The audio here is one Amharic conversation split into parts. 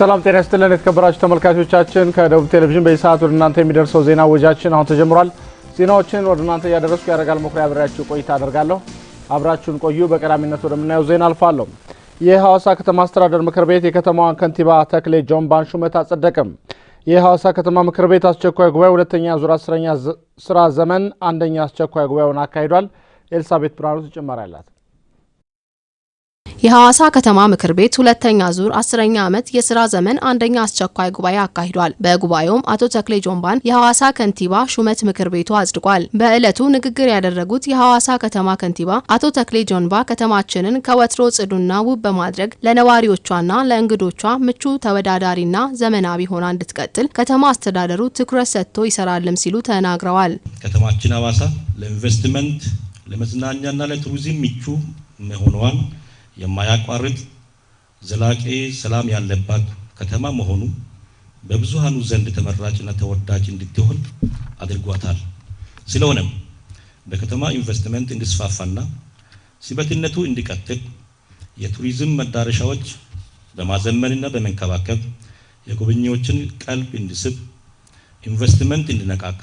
ሰላም ጤና ይስጥልን የተከበራችሁ ተመልካቾቻችን፣ ከደቡብ ቴሌቪዥን በሰዓት ወደ እናንተ የሚደርሰው ዜና ወጃችን አሁን ተጀምሯል። ዜናዎችን ወደ እናንተ እያደረስኩ ያደርጋል መኩሪያ አብሬያችሁ ቆይታ አደርጋለሁ። አብራችሁን ቆዩ። በቀዳሚነት ወደምናየው ዜና አልፋለሁ። የሐዋሳ ከተማ አስተዳደር ምክር ቤት የከተማዋን ከንቲባ ተክሌ ጆን ሹመት አጸደቅም። የሐዋሳ ከተማ ምክር ቤት አስቸኳይ ጉባኤ ሁለተኛ ዙር አስረኛ ስራ ዘመን አንደኛ አስቸኳይ ጉባኤውን አካሂዷል። ኤልሳቤት ብርሃኑ ተጨማሪ አላት። የሐዋሳ ከተማ ምክር ቤት ሁለተኛ ዙር አስረኛ ዓመት የስራ ዘመን አንደኛ አስቸኳይ ጉባኤ አካሂዷል። በጉባኤውም አቶ ተክሌ ጆንባን የሐዋሳ ከንቲባ ሹመት ምክር ቤቱ አጽድቋል። በዕለቱ ንግግር ያደረጉት የሐዋሳ ከተማ ከንቲባ አቶ ተክሌ ጆንባ ከተማችንን ከወትሮ ጽዱና ውብ በማድረግ ለነዋሪዎቿና ለእንግዶቿ ምቹ ተወዳዳሪና ዘመናዊ ሆና እንድትቀጥል ከተማ አስተዳደሩ ትኩረት ሰጥቶ ይሰራልም ሲሉ ተናግረዋል። ከተማችን ሐዋሳ ለኢንቨስትመንት ለመዝናኛና ለቱሪዝም ምቹ መሆኗን የማያቋርጥ ዘላቂ ሰላም ያለባት ከተማ መሆኑ በብዙሃኑ ዘንድ ተመራጭና ተወዳጅ እንድትሆን አድርጓታል። ስለሆነም በከተማ ኢንቨስትመንት እንዲስፋፋና ሲበትነቱ እንዲቀጥል የቱሪዝም መዳረሻዎች በማዘመንና በመንከባከብ የጎብኚዎችን ቀልብ እንዲስብ፣ ኢንቨስትመንት እንዲነቃቃ፣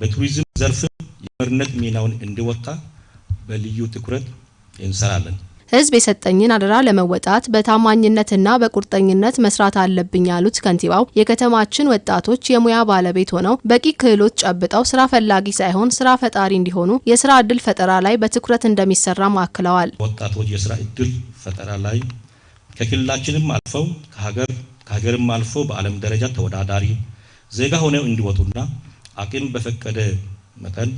በቱሪዝም ዘርፍ የመሪነት ሚናውን እንዲወጣ በልዩ ትኩረት እንሰራለን። ህዝብ የሰጠኝን አደራ ለመወጣት በታማኝነትና በቁርጠኝነት መስራት አለብኝ ያሉት ከንቲባው የከተማችን ወጣቶች የሙያ ባለቤት ሆነው በቂ ክህሎት ጨብጠው ስራ ፈላጊ ሳይሆን ስራ ፈጣሪ እንዲሆኑ የስራ እድል ፈጠራ ላይ በትኩረት እንደሚሰራ ማክለዋል። ወጣቶች የስራ እድል ፈጠራ ላይ ከክልላችንም አልፈው ከሀገር ከሀገርም አልፎ በዓለም ደረጃ ተወዳዳሪ ዜጋ ሆነው እንዲወጡና አቅም በፈቀደ መጠን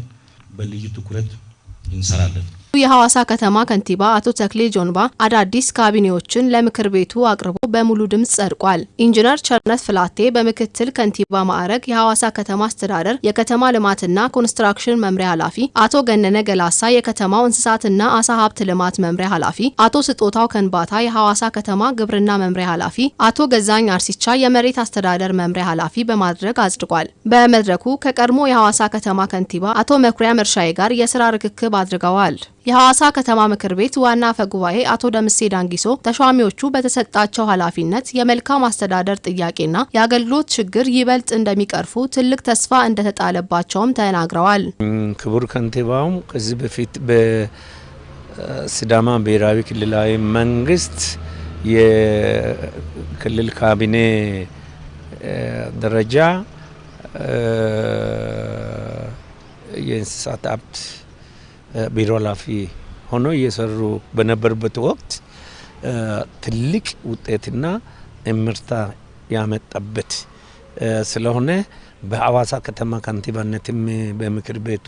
በልዩ ትኩረት እንሰራለን። የሐዋሳ ከተማ ከንቲባ አቶ ተክሌ ጆንባ አዳዲስ ካቢኔዎችን ለምክር ቤቱ አቅርቦ በሙሉ ድምፅ ጸድቋል። ኢንጂነር ቸርነት ፍላቴ በምክትል ከንቲባ ማዕረግ የሐዋሳ ከተማ አስተዳደር የከተማ ልማትና ኮንስትራክሽን መምሪያ ኃላፊ፣ አቶ ገነነ ገላሳ የከተማው እንስሳትና አሳ ሀብት ልማት መምሪያ ኃላፊ፣ አቶ ስጦታው ከንባታ የሐዋሳ ከተማ ግብርና መምሪያ ኃላፊ፣ አቶ ገዛኝ አርሲቻ የመሬት አስተዳደር መምሪያ ኃላፊ በማድረግ አጽድቋል። በመድረኩ ከቀድሞ የሐዋሳ ከተማ ከንቲባ አቶ መኩሪያ መርሻዬ ጋር የስራ ርክክብ አድርገዋል። የሐዋሳ ከተማ ምክር ቤት ዋና አፈ ጉባኤ አቶ ደምሴ ዳንጊሶ ተሿሚዎቹ በተሰጣቸው ኃላፊነት የመልካም አስተዳደር ጥያቄና የአገልግሎት ችግር ይበልጥ እንደሚቀርፉ ትልቅ ተስፋ እንደተጣለባቸውም ተናግረዋል። ክቡር ከንቲባውም ከዚህ በፊት በሲዳማ ብሔራዊ ክልላዊ መንግስት የክልል ካቢኔ ደረጃ የእንስሳት ሀብት ቢሮ ኃላፊ ሆኖ እየሰሩ በነበርበት ወቅት ትልቅ ውጤትና እምርታ ያመጣበት ስለሆነ በአዋሳ ከተማ ከንቲባነትም በምክር ቤቱ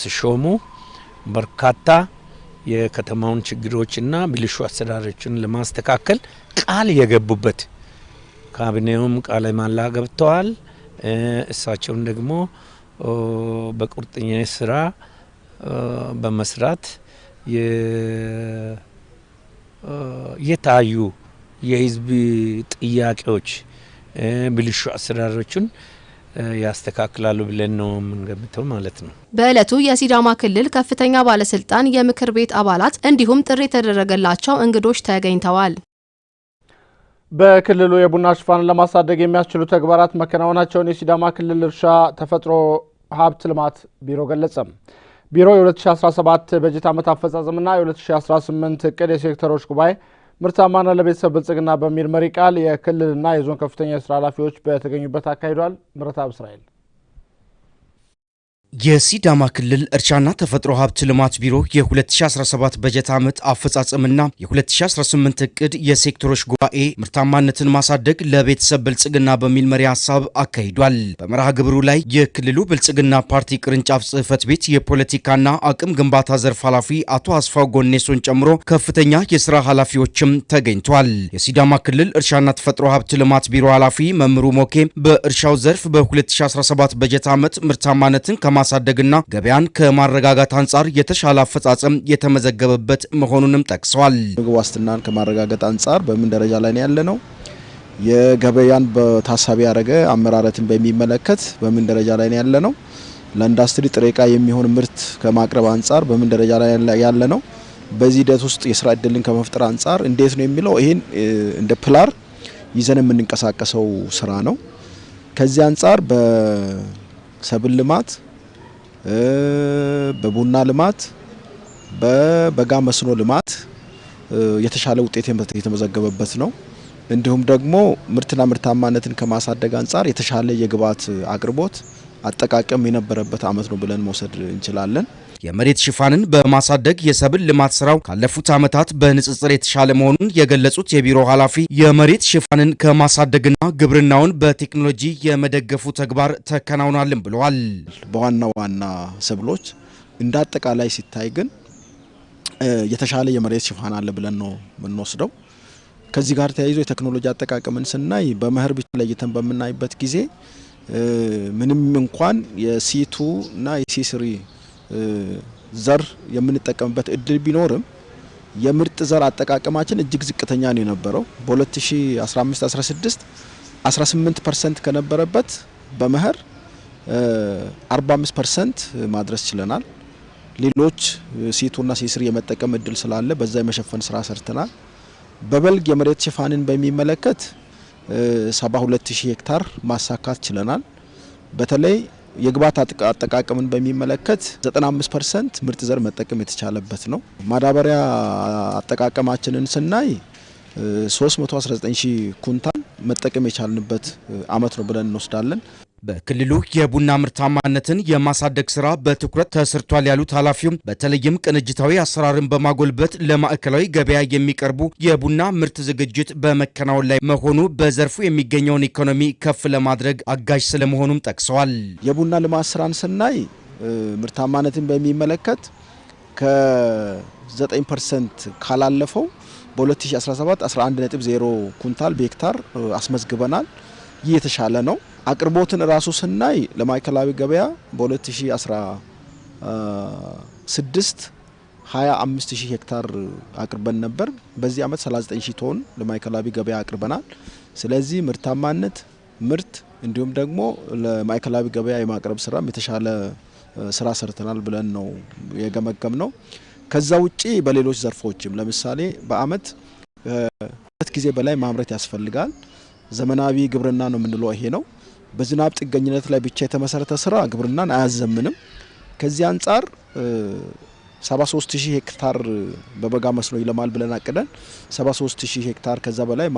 ሲሾሙ በርካታ የከተማውን ችግሮችና ብልሹ አሰራሮችን ለማስተካከል ቃል የገቡበት ካቢኔውም ቃለ መሃላ ገብተዋል። እሳቸውን ደግሞ በቁርጠኛ ስራ በመስራት የታዩ የህዝብ ጥያቄዎች ብልሹ አሰራሮችን ያስተካክላሉ ብለን ነው የምንገምተው ማለት ነው። በእለቱ የሲዳማ ክልል ከፍተኛ ባለስልጣን፣ የምክር ቤት አባላት እንዲሁም ጥሪ የተደረገላቸው እንግዶች ተገኝተዋል። በክልሉ የቡና ሽፋን ለማሳደግ የሚያስችሉ ተግባራት መከናወናቸውን የሲዳማ ክልል እርሻ ተፈጥሮ ሀብት ልማት ቢሮ ገለጸ። ቢሮ የ2017 በጀት ዓመት አፈጻጸምና የ2018 እቅድ የሴክተሮች ጉባኤ ምርታማና ለቤተሰብ ብልጽግና በሚል መሪ ቃል የክልልና የዞን ከፍተኛ የስራ ኃላፊዎች በተገኙበት አካሂዷል። ምረታ እስራኤል የሲዳማ ክልል እርሻና ተፈጥሮ ሀብት ልማት ቢሮ የ2017 በጀት ዓመት አፈጻጸምና የ2018 እቅድ የሴክተሮች ጉባኤ ምርታማነትን ማሳደግ ለቤተሰብ ብልጽግና በሚል መሪ ሀሳብ አካሂዷል። በመርሃ ግብሩ ላይ የክልሉ ብልጽግና ፓርቲ ቅርንጫፍ ጽህፈት ቤት የፖለቲካና አቅም ግንባታ ዘርፍ ኃላፊ አቶ አስፋው ጎኔሶን ጨምሮ ከፍተኛ የስራ ኃላፊዎችም ተገኝቷል። የሲዳማ ክልል እርሻና ተፈጥሮ ሀብት ልማት ቢሮ ኃላፊ መምህሩ ሞኬ በእርሻው ዘርፍ በ2017 በጀት ዓመት ምርታማነትን ከማ ከማሳደግና ገበያን ከማረጋጋት አንጻር የተሻለ አፈጻጸም የተመዘገበበት መሆኑንም ጠቅሰዋል። ምግብ ዋስትናን ከማረጋጋት አንጻር በምን ደረጃ ላይ ነው ያለነው? የገበያን በታሳቢ ያደረገ አመራረትን በሚመለከት በምን ደረጃ ላይ ነው ያለነው? ለኢንዱስትሪ ጥሬ እቃ የሚሆን ምርት ከማቅረብ አንጻር በምን ደረጃ ላይ ያለ ነው? በዚህ ሂደት ውስጥ የስራ እድልን ከመፍጠር አንጻር እንዴት ነው የሚለው ይህን እንደ ፕላር ይዘን የምንንቀሳቀሰው ስራ ነው። ከዚህ አንጻር በሰብል ልማት በቡና ልማት፣ በበጋ መስኖ ልማት የተሻለ ውጤት የተመዘገበበት ነው። እንዲሁም ደግሞ ምርትና ምርታማነትን ከማሳደግ አንጻር የተሻለ የግብዓት አቅርቦት አጠቃቀም የነበረበት ዓመት ነው ብለን መውሰድ እንችላለን። የመሬት ሽፋንን በማሳደግ የሰብል ልማት ስራው ካለፉት ዓመታት በንጽጽር የተሻለ መሆኑን የገለጹት የቢሮ ኃላፊ የመሬት ሽፋንን ከማሳደግና ግብርናውን በቴክኖሎጂ የመደገፉ ተግባር ተከናውኗልም ብለዋል። በዋና ዋና ሰብሎች እንደ አጠቃላይ ሲታይ ግን የተሻለ የመሬት ሽፋን አለ ብለን ነው የምንወስደው። ከዚህ ጋር ተያይዞ የቴክኖሎጂ አጠቃቀምን ስናይ በመኸር ብቻ ለይተን በምናይበት ጊዜ ምንም እንኳን የሲቱ እና የሲስሪ ዘር የምንጠቀምበት እድል ቢኖርም የምርጥ ዘር አጠቃቀማችን እጅግ ዝቅተኛ ነው የነበረው። በ2015/16 18 ፐርሰንት ከነበረበት በመኸር 45 ፐርሰንት ማድረስ ችለናል። ሌሎች ሴቱና ሴስር የመጠቀም እድል ስላለ በዛ የመሸፈን ስራ ሰርተናል። በበልግ የመሬት ሽፋንን በሚመለከት 72000 ሄክታር ማሳካት ችለናል። በተለይ የግባት አጠቃቀምን በሚመለከት 95 ፐርሰንት ምርጥ ዘር መጠቀም የተቻለበት ነው። ማዳበሪያ አጠቃቀማችንን ስናይ 319 ሺህ ኩንታል መጠቀም የቻልንበት አመት ነው ብለን እንወስዳለን። በክልሉ የቡና ምርታማነትን የማሳደግ ስራ በትኩረት ተሰርቷል ያሉት ኃላፊውም በተለይም ቅንጅታዊ አሰራርን በማጎልበት ለማዕከላዊ ገበያ የሚቀርቡ የቡና ምርት ዝግጅት በመከናወን ላይ መሆኑ በዘርፉ የሚገኘውን ኢኮኖሚ ከፍ ለማድረግ አጋዥ ስለመሆኑም ጠቅሰዋል። የቡና ልማት ስራን ስናይ ምርታማነትን በሚመለከት ከ9 ፐርሰንት ካላለፈው በ2017 11.0 ኩንታል በሄክታር አስመዝግበናል። ይህ የተሻለ ነው። አቅርቦትን ራሱ ስናይ ለማዕከላዊ ገበያ በ2016 25 ሺህ ሄክታር አቅርበን ነበር። በዚህ ዓመት 39 ሺህ ቶን ለማዕከላዊ ገበያ አቅርበናል። ስለዚህ ምርታማነት፣ ምርት እንዲሁም ደግሞ ለማዕከላዊ ገበያ የማቅረብ ስራም የተሻለ ስራ ሰርተናል ብለን ነው የገመገም ነው። ከዛ ውጪ በሌሎች ዘርፎችም ለምሳሌ በአመት ሁለት ጊዜ በላይ ማምረት ያስፈልጋል። ዘመናዊ ግብርና ነው የምንለው ይሄ ነው። በዝናብ ጥገኝነት ላይ ብቻ የተመሰረተ ስራ ግብርናን አያዘምንም። ከዚህ አንጻር 73 ሺህ ሄክታር በበጋ መስኖ ይለማል ብለን አቅደን 73 ሺህ ሄክታር ከዛ በላይ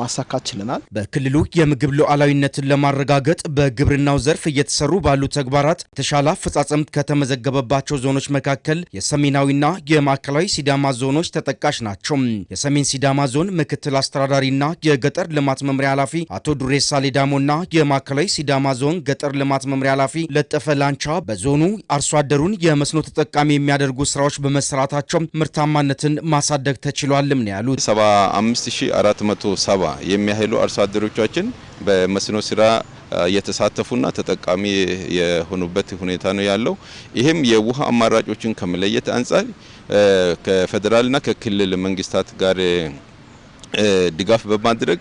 ማሳካት ችለናል። በክልሉ የምግብ ሉዓላዊነትን ለማረጋገጥ በግብርናው ዘርፍ እየተሰሩ ባሉ ተግባራት የተሻለ አፈጻጸም ከተመዘገበባቸው ዞኖች መካከል የሰሜናዊና የማዕከላዊ ሲዳማ ዞኖች ተጠቃሽ ናቸው። የሰሜን ሲዳማ ዞን ምክትል አስተዳዳሪና የገጠር ልማት መምሪያ ኃላፊ አቶ ዱሬሳ ሌዳሞና የማዕከላዊ ሲዳማ ዞን ገጠር ልማት መምሪያ ኃላፊ ለጠፈ ላንቻ በዞኑ አርሶ አደሩን የመስኖ ተጠቃሚ የሚያደርጉ በጎ ስራዎች በመሰራታቸው ምርታማነትን ማሳደግ ተችሏልም ነው ያሉት። 75470 የሚያህሉ አርሶ አደሮቻችን በመስኖ ስራ የተሳተፉና ተጠቃሚ የሆኑበት ሁኔታ ነው ያለው። ይህም የውሃ አማራጮችን ከመለየት አንጻር ከፌዴራልና ከክልል መንግስታት ጋር ድጋፍ በማድረግ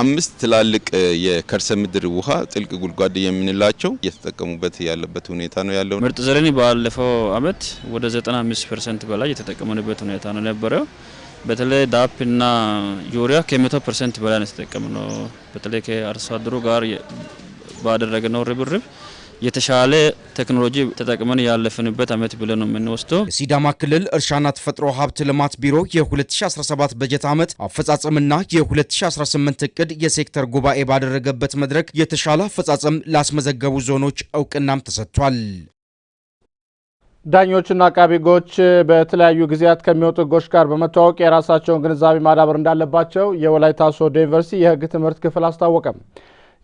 አምስት ትላልቅ የከርሰ ምድር ውሃ ጥልቅ ጉድጓድ የምንላቸው እየተጠቀሙበት ያለበት ሁኔታ ነው ያለው። ምርጥ ዘርን ባለፈው አመት ወደ 95 ፐርሰንት በላይ የተጠቀምንበት ሁኔታ ነው የነበረው። በተለይ ዳፕና ዩሪያ ከመቶ ፐርሰንት በላይ ነው የተጠቀምነው። በተለይ ከአርሶ አደሩ ጋር ባደረግነው ርብርብ የተሻለ ቴክኖሎጂ ተጠቅመን ያለፍንበት አመት ብለን ነው የምንወስደው። የሲዳማ ክልል እርሻና ተፈጥሮ ሀብት ልማት ቢሮ የ2017 በጀት ዓመት አፈጻጸምና የ2018 እቅድ የሴክተር ጉባኤ ባደረገበት መድረክ የተሻለ አፈጻጸም ላስመዘገቡ ዞኖች እውቅናም ተሰጥቷል። ዳኞችና አቃቢ ሕጎች በተለያዩ ጊዜያት ከሚወጡ ሕጎች ጋር በመተዋወቅ የራሳቸውን ግንዛቤ ማዳበር እንዳለባቸው የወላይታ ሶዶ ዩኒቨርሲቲ የሕግ ትምህርት ክፍል አስታወቀም።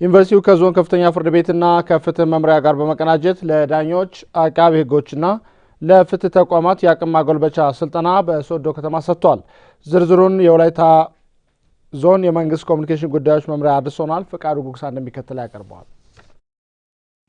ዩኒቨርሲቲው ከዞን ከፍተኛ ፍርድ ቤትና ከፍትህ መምሪያ ጋር በመቀናጀት ለዳኞች አቃቢ ህጎችና ለፍትህ ተቋማት የአቅም ማጎልበቻ ስልጠና በሶዶ ከተማ ሰጥቷል። ዝርዝሩን የወላይታ ዞን የመንግስት ኮሚኒኬሽን ጉዳዮች መምሪያ አድርሶናል። ፈቃዱ ጉግሳ እንደሚከተለው ያቀርበዋል።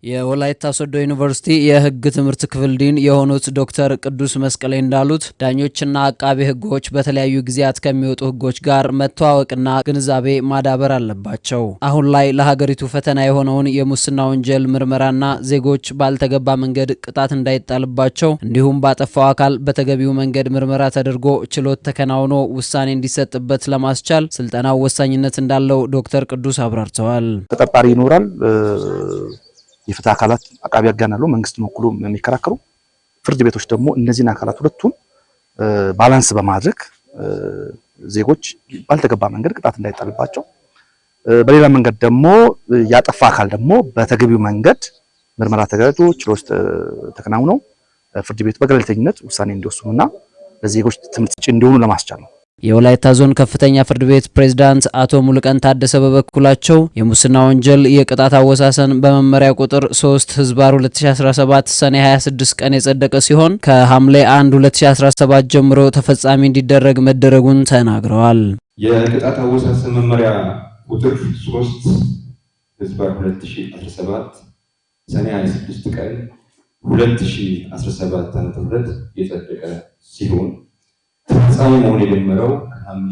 የወላይታ ሶዶ ዩኒቨርሲቲ የሕግ ትምህርት ክፍል ዲን የሆኑት ዶክተር ቅዱስ መስቀሌ እንዳሉት ዳኞችና አቃቤ ሕጎች በተለያዩ ጊዜያት ከሚወጡ ሕጎች ጋር መተዋወቅና ግንዛቤ ማዳበር አለባቸው። አሁን ላይ ለሀገሪቱ ፈተና የሆነውን የሙስና ወንጀል ምርመራና ዜጎች ባልተገባ መንገድ ቅጣት እንዳይጣልባቸው እንዲሁም ባጠፋው አካል በተገቢው መንገድ ምርመራ ተደርጎ ችሎት ተከናውኖ ውሳኔ እንዲሰጥበት ለማስቻል ስልጠናው ወሳኝነት እንዳለው ዶክተር ቅዱስ አብራርተዋል። ተጠርጣሪ ይኖራል የፍትህ አካላት አቃቢ ያጋናሉ ያሉ መንግስትን ወክሎ የሚከራከሩ ፍርድ ቤቶች ደግሞ እነዚህን አካላት ሁለቱን ባላንስ በማድረግ ዜጎች ባልተገባ መንገድ ቅጣት እንዳይጣልባቸው፣ በሌላ መንገድ ደግሞ ያጠፋ አካል ደግሞ በተገቢው መንገድ ምርመራ ተገለጡ ችሎች ተከናውነው ፍርድ ቤቱ በገለልተኝነት ውሳኔ እንዲወስኑና ለዜጎች ትምህርት ሰጪ እንዲሆኑ ለማስቻል ነው። የወላይታ ዞን ከፍተኛ ፍርድ ቤት ፕሬዝዳንት አቶ ሙልቀን ታደሰ በበኩላቸው የሙስና ወንጀል የቅጣት አወሳሰን በመመሪያ ቁጥር 3 ህዝባር 2017 ሰኔ 26 ቀን የጸደቀ ሲሆን ከሐምሌ 1 2017 ጀምሮ ተፈጻሚ እንዲደረግ መደረጉን ተናግረዋል። የቅጣት አወሳሰን መመሪያ ቁጥር 3 ህዝባር 2017 ሰኔ 26 ቀን 2017 ዓ.ም የጸደቀ ሲሆን ተፈጻሚ መሆን የጀመረው ከሐምሌ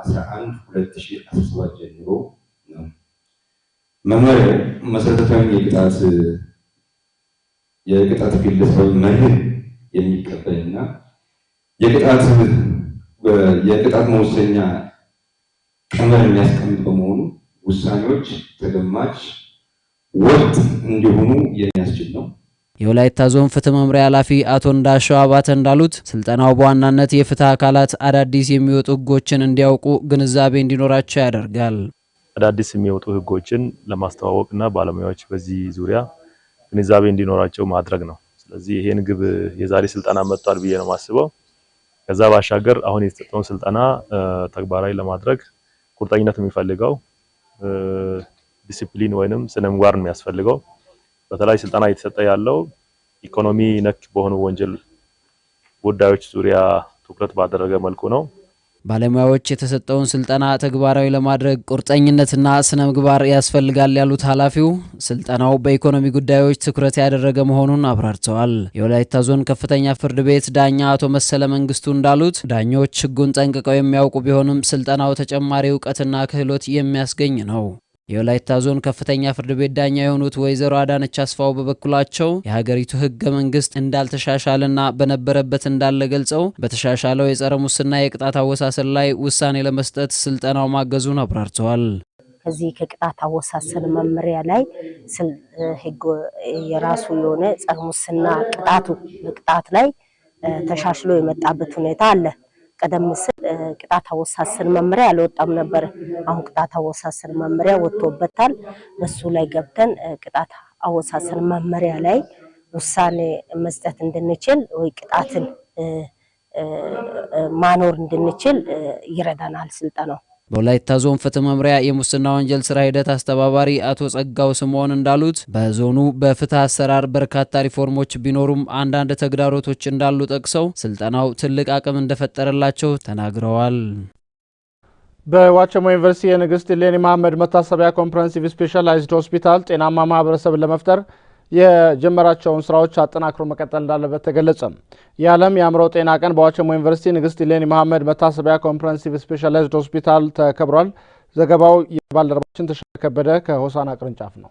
11 2017 ጀምሮ ነው። መመሪያው መሰረታዊ የቅጣት የቅጣት ግለሰብ መርህን የሚቀበልና የቅጣት የቅጣት መወሰኛ ቀመር የሚያስቀምጥ በመሆኑ ውሳኔዎች ተገማች፣ ወጥ እንዲሆኑ የሚያስችል ነው። የወላይታ ዞን ፍትህ መምሪያ ኃላፊ አቶ እንዳሻው አባተ እንዳሉት ስልጠናው በዋናነት የፍትህ አካላት አዳዲስ የሚወጡ ህጎችን እንዲያውቁ ግንዛቤ እንዲኖራቸው ያደርጋል። አዳዲስ የሚወጡ ህጎችን ለማስተዋወቅና ባለሙያዎች በዚህ ዙሪያ ግንዛቤ እንዲኖራቸው ማድረግ ነው። ስለዚህ ይሄን ግብ የዛሬ ስልጠና መጥቷል ብዬ ነው የማስበው። ከዛ ባሻገር አሁን የተሰጠውን ስልጠና ተግባራዊ ለማድረግ ቁርጠኝነት የሚፈልገው ዲሲፕሊን ወይንም ስነምግባር የሚያስፈልገው በተለይ ስልጠና እየተሰጠ ያለው ኢኮኖሚ ነክ በሆኑ ወንጀል ጉዳዮች ዙሪያ ትኩረት ባደረገ መልኩ ነው። ባለሙያዎች የተሰጠውን ስልጠና ተግባራዊ ለማድረግ ቁርጠኝነትና ስነ ምግባር ያስፈልጋል ያሉት ኃላፊው ስልጠናው በኢኮኖሚ ጉዳዮች ትኩረት ያደረገ መሆኑን አብራርተዋል። የወላይታ ዞን ከፍተኛ ፍርድ ቤት ዳኛ አቶ መሰለ መንግስቱ እንዳሉት ዳኞች ሕጉን ጠንቅቀው የሚያውቁ ቢሆንም ስልጠናው ተጨማሪ እውቀትና ክህሎት የሚያስገኝ ነው። የወላይታ ዞን ከፍተኛ ፍርድ ቤት ዳኛ የሆኑት ወይዘሮ አዳነች አስፋው በበኩላቸው የሀገሪቱ ህገ መንግስት እንዳልተሻሻለና በነበረበት እንዳለ ገልጸው በተሻሻለው የጸረ ሙስና የቅጣት አወሳሰል ላይ ውሳኔ ለመስጠት ስልጠናው ማገዙን አብራርተዋል። ከዚህ ከቅጣት አወሳሰል መመሪያ ላይ የራሱ የሆነ ጸረ ሙስና ቅጣቱ ቅጣት ላይ ተሻሽሎ የመጣበት ሁኔታ አለ። ቀደም ሲል ቅጣት አወሳሰን መመሪያ አልወጣም ነበር። አሁን ቅጣት አወሳሰን መመሪያ ወጥቶበታል። በሱ ላይ ገብተን ቅጣት አወሳሰን መመሪያ ላይ ውሳኔ መስጠት እንድንችል ወይ ቅጣትን ማኖር እንድንችል ይረዳናል ስልጠናው። በወላይታ ዞን ፍትህ መምሪያ የሙስና ወንጀል ስራ ሂደት አስተባባሪ አቶ ጸጋው ስምዖን እንዳሉት በዞኑ በፍትህ አሰራር በርካታ ሪፎርሞች ቢኖሩም አንዳንድ ተግዳሮቶች እንዳሉ ጠቅሰው ስልጠናው ትልቅ አቅም እንደፈጠረላቸው ተናግረዋል። በዋቸሞ ዩኒቨርሲቲ የንግስት ሌኒ መሐመድ መታሰቢያ ኮምፕረሄንሲቭ ስፔሻላይዝድ ሆስፒታል ጤናማ ማህበረሰብ ለመፍጠር የጀመራቸውን ስራዎች አጠናክሮ መቀጠል እንዳለበት ተገለጸ። የዓለም የአእምሮ ጤና ቀን በዋቸሞ ዩኒቨርሲቲ ንግስት ሌኒ መሐመድ መታሰቢያ ኮምፕረሄንሲቭ ስፔሻላይዝድ ሆስፒታል ተከብሯል። ዘገባው የባልደረባችን ተሻለ ከበደ ከሆሳና ቅርንጫፍ ነው።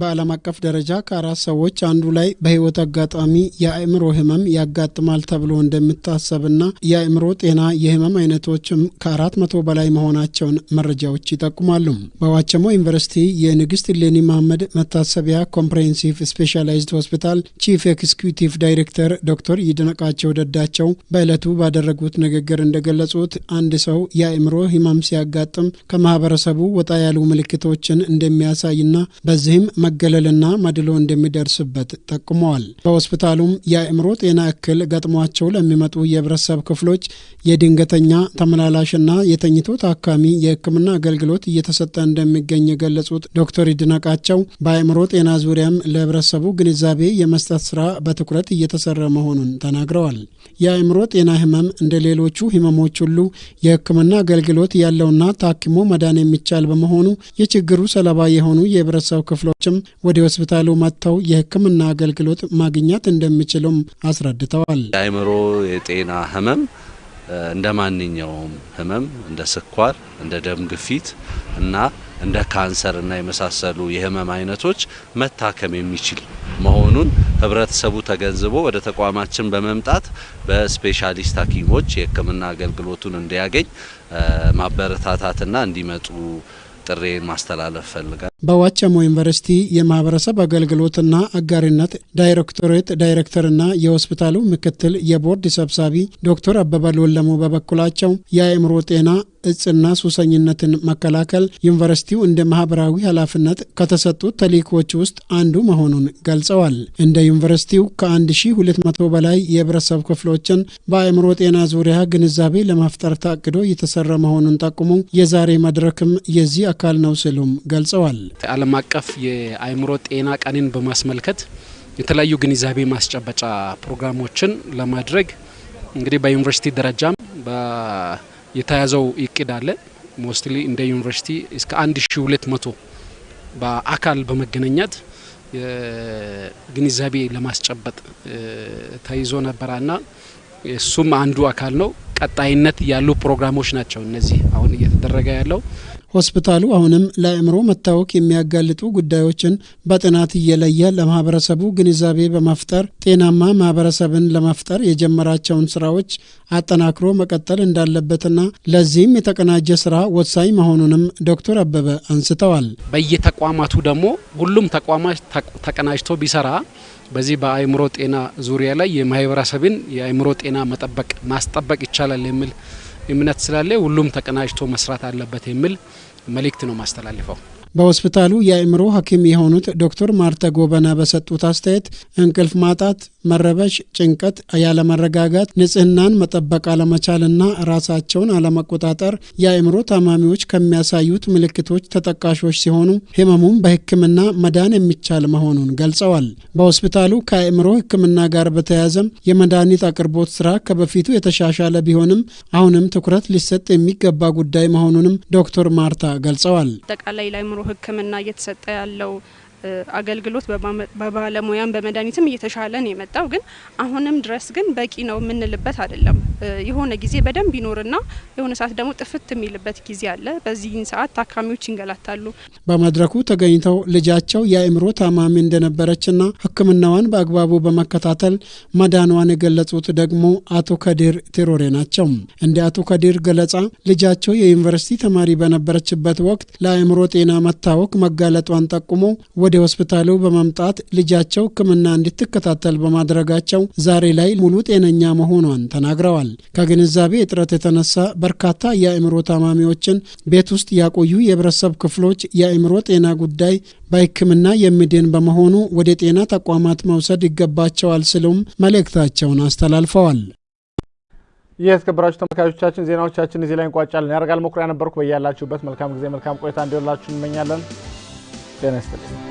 በዓለም አቀፍ ደረጃ ከአራት ሰዎች አንዱ ላይ በህይወት አጋጣሚ የአእምሮ ህመም ያጋጥማል ተብሎ እንደሚታሰብና የአእምሮ ጤና የህመም አይነቶችም ከአራት መቶ በላይ መሆናቸውን መረጃዎች ይጠቁማሉ። በዋቸሞ ዩኒቨርሲቲ የንግስት ሌኒ መሐመድ መታሰቢያ ኮምፕሬሄንሲቭ ስፔሻላይዝድ ሆስፒታል ቺፍ ኤክስኪዩቲቭ ዳይሬክተር ዶክተር ይድነቃቸው ደዳቸው በዕለቱ ባደረጉት ንግግር እንደገለጹት አንድ ሰው የአእምሮ ህመም ሲያጋጥም ከማህበረሰቡ ወጣ ያሉ ምልክቶችን እንደሚያሳይና በዚህም መገለልና መድሎ እንደሚደርስበት ጠቁመዋል። በሆስፒታሉም የአእምሮ ጤና እክል ገጥሟቸው ለሚመጡ የህብረተሰብ ክፍሎች የድንገተኛ ተመላላሽና የተኝቶ ታካሚ የህክምና አገልግሎት እየተሰጠ እንደሚገኝ የገለጹት ዶክተር ይድነቃቸው በአእምሮ ጤና ዙሪያም ለህብረተሰቡ ግንዛቤ የመስጠት ስራ በትኩረት እየተሰራ መሆኑን ተናግረዋል። የአእምሮ ጤና ህመም እንደ ሌሎቹ ህመሞች ሁሉ የህክምና አገልግሎት ያለውና ታክሞ መዳን የሚቻል በመሆኑ የችግሩ ሰለባ የሆኑ የህብረተሰብ ክፍሎች ሰዎችም ወደ ሆስፒታሉ መጥተው የሕክምና አገልግሎት ማግኘት እንደሚችሉም አስረድተዋል። የአእምሮ የጤና ህመም እንደ ማንኛውም ህመም እንደ ስኳር፣ እንደ ደም ግፊት እና እንደ ካንሰር እና የመሳሰሉ የህመም አይነቶች መታከም የሚችል መሆኑን ህብረተሰቡ ተገንዝቦ ወደ ተቋማችን በመምጣት በስፔሻሊስት ሐኪሞች የህክምና አገልግሎቱን እንዲያገኝ ማበረታታትና እንዲመጡ ጥሬን ማስተላለፍ ፈልጋል። በዋቸሞ ዩኒቨርሲቲ የማህበረሰብ አገልግሎትና አጋሪነት ዳይሬክቶሬት ዳይሬክተርና የሆስፒታሉ ምክትል የቦርድ ሰብሳቢ ዶክተር አበበ ሎለሞ በበኩላቸው የአእምሮ ጤና እጽና ሱሰኝነትን መከላከል ዩኒቨርሲቲው እንደ ማህበራዊ ኃላፊነት ከተሰጡት ተልዕኮዎች ውስጥ አንዱ መሆኑን ገልጸዋል። እንደ ዩኒቨርሲቲው ከ1200 በላይ የህብረተሰብ ክፍሎችን በአእምሮ ጤና ዙሪያ ግንዛቤ ለመፍጠር ታቅዶ የተሰራ መሆኑን ጠቁሞ የዛሬ መድረክም የዚህ አካል ነው ሲሉም ገልጸዋል። ዓለም አቀፍ የአእምሮ ጤና ቀንን በማስመልከት የተለያዩ ግንዛቤ ማስጨበጫ ፕሮግራሞችን ለማድረግ እንግዲህ በዩኒቨርሲቲ ደረጃም የተያዘው እቅድ አለ። ሞስትሊ እንደ ዩኒቨርሲቲ እስከ 1200 በአካል በመገናኘት ግንዛቤ ለማስጨበጥ ተይዞ ነበራና እሱም አንዱ አካል ነው። ቀጣይነት ያሉ ፕሮግራሞች ናቸው እነዚህ አሁን እየተደረገ ያለው። ሆስፒታሉ አሁንም ለአእምሮ መታወክ የሚያጋልጡ ጉዳዮችን በጥናት እየለየ ለማህበረሰቡ ግንዛቤ በመፍጠር ጤናማ ማህበረሰብን ለመፍጠር የጀመራቸውን ስራዎች አጠናክሮ መቀጠል እንዳለበትና ለዚህም የተቀናጀ ስራ ወሳኝ መሆኑንም ዶክተር አበበ አንስተዋል። በየተቋማቱ ደግሞ ሁሉም ተቋማት ተቀናጅቶ ቢሰራ በዚህ በአእምሮ ጤና ዙሪያ ላይ የማህበረሰብን የአእምሮ ጤና መጠበቅ ማስጠበቅ ይቻላል የሚል እምነት ስላለ ሁሉም ተቀናጅቶ መስራት አለበት የሚል መልእክት ነው ማስተላልፈው። በሆስፒታሉ የአእምሮ ሐኪም የሆኑት ዶክተር ማርተ ጎበና በሰጡት አስተያየት እንቅልፍ ማጣት፣ መረበሽ፣ ጭንቀት፣ ያለመረጋጋት፣ ንጽህናን መጠበቅ አለመቻልና ራሳቸውን አለመቆጣጠር የአእምሮ ታማሚዎች ከሚያሳዩት ምልክቶች ተጠቃሾች ሲሆኑ ህመሙም በሕክምና መዳን የሚቻል መሆኑን ገልጸዋል። በሆስፒታሉ ከአእምሮ ሕክምና ጋር በተያያዘም የመድኃኒት አቅርቦት ስራ ከበፊቱ የተሻሻለ ቢሆንም አሁንም ትኩረት ሊሰጥ የሚገባ ጉዳይ መሆኑንም ዶክተር ማርታ ገልጸዋል። የአእምሮ ሕክምና እየተሰጠ ያለው አገልግሎት በባለሙያም በመድኃኒትም እየተሻለ ነው የመጣው። ግን አሁንም ድረስ ግን በቂ ነው የምንልበት አይደለም። የሆነ ጊዜ በደንብ ይኖርና የሆነ ሰዓት ደግሞ ጥፍት የሚልበት ጊዜ አለ። በዚህን ሰዓት ታካሚዎች ይንገላታሉ። በመድረኩ ተገኝተው ልጃቸው የአእምሮ ታማሚ እንደነበረችና ሕክምናዋን በአግባቡ በመከታተል መዳኗን የገለጹት ደግሞ አቶ ከዲር ቴሮሬ ናቸው። እንደ አቶ ከዲር ገለጻ ልጃቸው የዩኒቨርሲቲ ተማሪ በነበረችበት ወቅት ለአእምሮ ጤና መታወክ መጋለጧን ጠቁሞ ወደ ወደ ሆስፒታሉ በማምጣት ልጃቸው ሕክምና እንድትከታተል በማድረጋቸው ዛሬ ላይ ሙሉ ጤነኛ መሆኗን ተናግረዋል። ከግንዛቤ እጥረት የተነሳ በርካታ የአእምሮ ታማሚዎችን ቤት ውስጥ ያቆዩ የህብረተሰብ ክፍሎች የአእምሮ ጤና ጉዳይ በሕክምና የሚድን በመሆኑ ወደ ጤና ተቋማት መውሰድ ይገባቸዋል ሲሉም መልእክታቸውን አስተላልፈዋል። ይህ የተከበራችሁ ተመልካቾቻችን ዜናዎቻችን እዚህ ላይ እንቋጫለን። ያደርጋል መኩሪያ ነበርኩ። በያላችሁበት መልካም ጊዜ መልካም ቆይታ እንዲሆንላችሁ እንመኛለን። ጤና ይስጥልኝ።